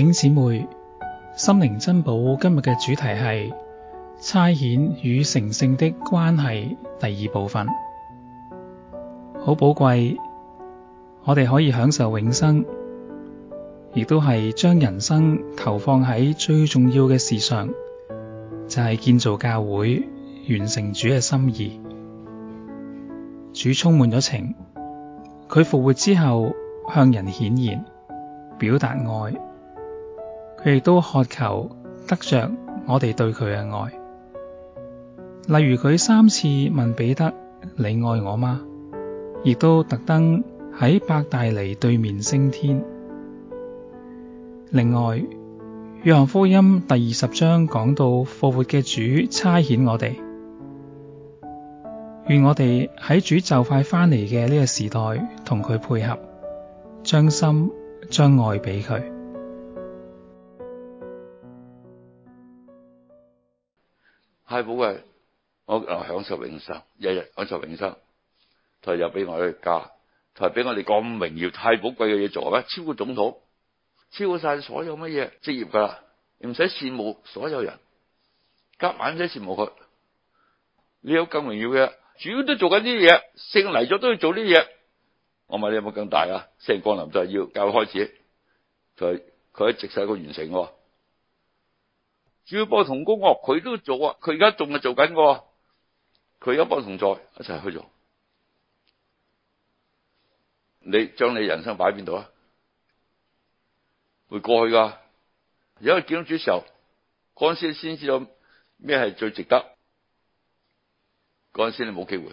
領姊妹心靈珍寶，今日嘅主題係差遣與成聖的關係，第二部分好寶貴。我哋可以享受永生，亦都係將人生投放喺最重要嘅事上，就係、是、建造教會，完成主嘅心意。主充滿咗情，佢復活之後向人顯現表達愛。佢亦都渴求得着我哋對佢嘅愛，例如佢三次問彼得：你愛我嗎？亦都特登喺伯大尼對面升天。另外，約翰福音第二十章講到復活嘅主差遣我哋，願我哋喺主就快翻嚟嘅呢個時代，同佢配合，將心將愛俾佢。太寶貴，我享受永生，日日享受永生。佢又俾我去嫁，佢又俾我哋咁榮耀，太寶貴嘅嘢做咩？超過總統，超過晒所有乜嘢職業㗎喇，唔使羨慕所有人，夾硬都羨慕佢。你有咁榮耀嘅，主要都做緊呢啲嘢，升嚟咗都要做呢啲嘢。我問你有冇咁大啊？聖靈降臨就係要教開始，佢佢係直勢佢完成。主要波同工學佢都做啊，佢而家仲係做緊個，佢而家幫同在一齊去做。你將你人生擺喺邊度啊？會過去噶。而家見到主嘅時候，嗰陣先先知道咩係最值得。嗰陣先你冇機會，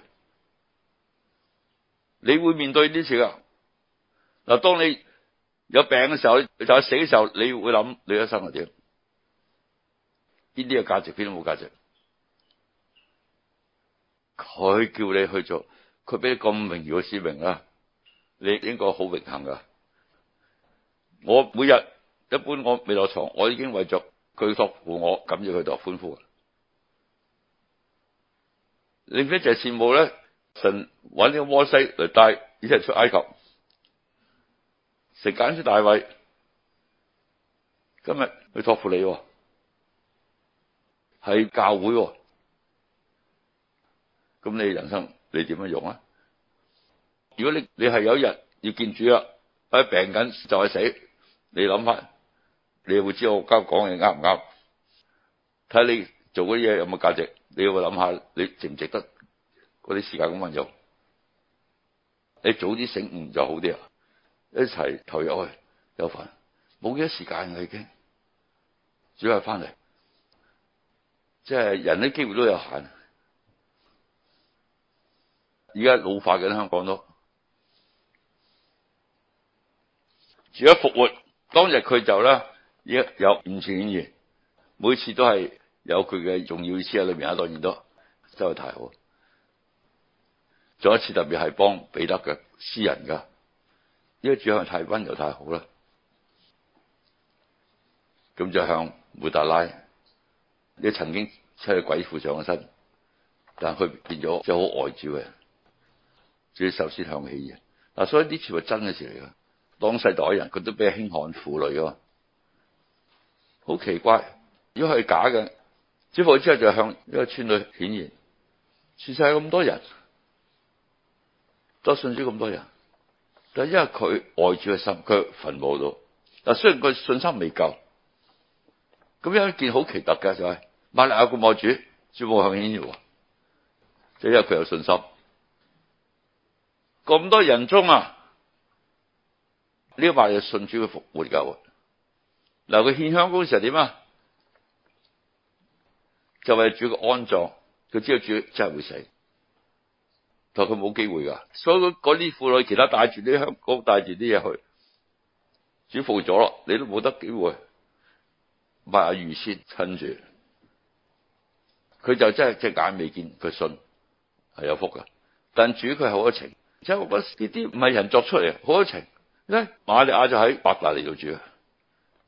你會面對呢次事噶。嗱，當你有病嘅時候，就係死嘅時候，你會諗你一生係點？呢啲嘅價值，邊都冇價值。佢叫你去做，佢俾你咁榮耀嘅使命啊！你應該好榮幸噶。我每日一般我未落床，我已經為著佢托付我，咁要佢托歡呼。你一隻羨慕咧，神搵呢個摩西嚟帶以色列出埃及，成揀啲大衛，今日去托付你。喺教會喎，咁你人生你點樣用啊？如果你你係有一日要見主啦，喺病緊就係死，你諗翻，你會知我今日講嘅嘢啱唔啱？睇下你做嗰啲嘢有冇價值，你會諗下你值唔值得嗰啲時間咁運用？你早啲醒悟就好啲啊！一齊投入去有份，冇幾多時間嘅已經，主係翻嚟。即係人嘅機會都有限。而家老化緊，香港多。除咗復活，當日佢就咧，依家有五次顯現，每次都係有佢嘅重要意思喺裏面。啊，當然都真係太好，仲有一次特別係幫彼得嘅私人㗎，因為主向太溫柔太好啦。咁就向抹大拉。你曾經出去鬼附上嘅身，但佢變咗就好愛主嘅，主要首先向起嘅，嗱，所以呢次係真嘅事嚟噶。當世代人佢都比較輕看婦女噶，好奇怪。如果係假嘅，只不過之後就向一個村裏顯現。事實係咁多人，都信住咁多人，但因為佢愛主嘅心，佢墳墓到嗱，雖然佢信心未夠。咁樣一件好奇特嘅就係馬利亞膏望主，主冇向應住啊！即係因為佢有信心，咁多人中啊，呢個拜就信主嘅復活㗎！嗱，佢獻香膏時點啊？就係主嘅安葬，佢知道主真係會死，但係佢冇機會㗎。所以嗰啲婦女其他帶住啲香膏，帶住啲嘢去，主復活咗啦，你都冇得機會。埋阿儒先親住，佢就真係只眼未見，佢信係有福噶。但主佢好有情，而且我唔呢啲唔係人作出嚟，好有情。咧瑪利亞就喺伯大尼度住，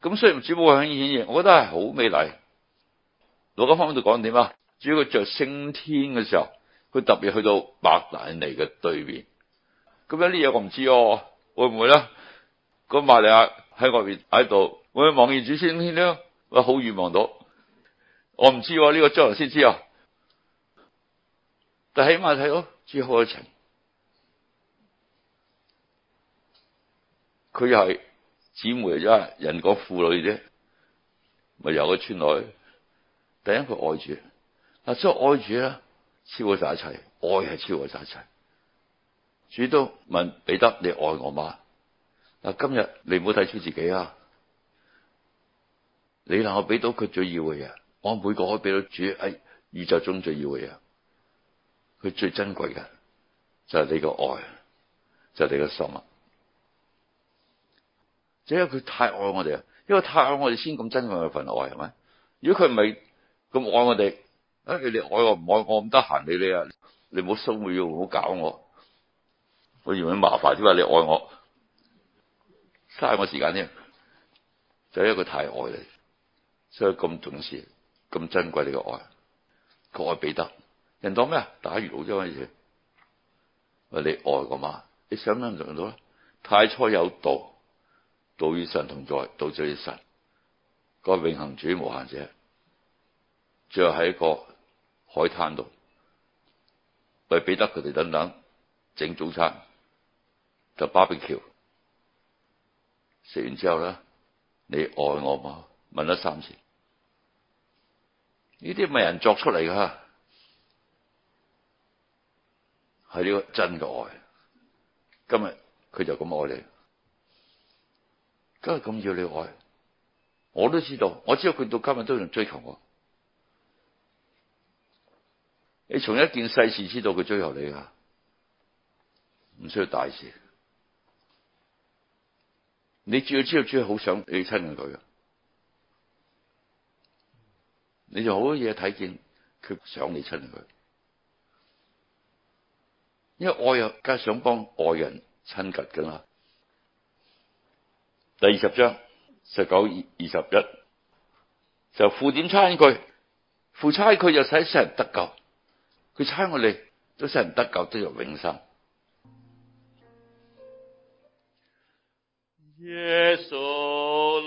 咁雖然主冇喺顯現，我覺得係好美麗。老家峰喺度講點啊？主要佢着升天嘅時候，佢特別去到伯大尼嘅對面，咁樣呢嘢我唔知道哦，會唔會咧？那個瑪利亞喺外邊喺度，我望見主升天呢。我好預望到，我唔知呢個將來先知啊。這個、知但係起碼睇到主好有情，佢又係姊妹啫，人講婦女啫，咪由佢穿落第一佢愛主，嗱即係愛主啦，超過晒一切，愛係超過晒一切。主都問彼得：你愛我嗎？嗱，今日你唔好睇出自己啊。你能夠俾到佢最要嘅嘢，我每個可以俾到主，係、哎、宇宙中最要嘅嘢。佢最珍貴嘅就係、是、你個愛，就係、是、你個心。就因為佢太愛我哋，因為太愛我哋先咁珍貴佢份愛，係咪？如果佢唔係咁愛我哋，誒，你愛我唔愛我咁得閒理你啊？你冇心會要，唔好搞我，我嫌佢麻煩，因為你愛我，嘥我時間添，就因為佢太愛你。所以咁重視，咁珍貴你嘅愛，佢愛彼得。人當咩啊？打魚佬嗰樣嘢。話你愛我嘛？你想唔想到咧？太初有道，道與神同在，道就是神。那個永恆主義無限者，最後喺一個海灘度，為彼得佢哋等等整早餐，就 barbecue。食完之後咧，你愛我嘛？問咗三次。呢啲咪人作出嚟噶，係呢個真嘅愛。今日佢就咁愛你，今日咁要你愛，我都知道，我知道佢到今日都仲追求我。你從一件細事知道佢追求你啊？唔需要大事，你只要知道，知道好想你親佢。你就好多嘢睇見，佢想你親佢，因為愛又加上幫愛人親近咁啦。第二十章十九二二十一，19, 21，就父點差佢，父差佢又使世人得救，佢差我哋都使人得救，得入永生。耶穌。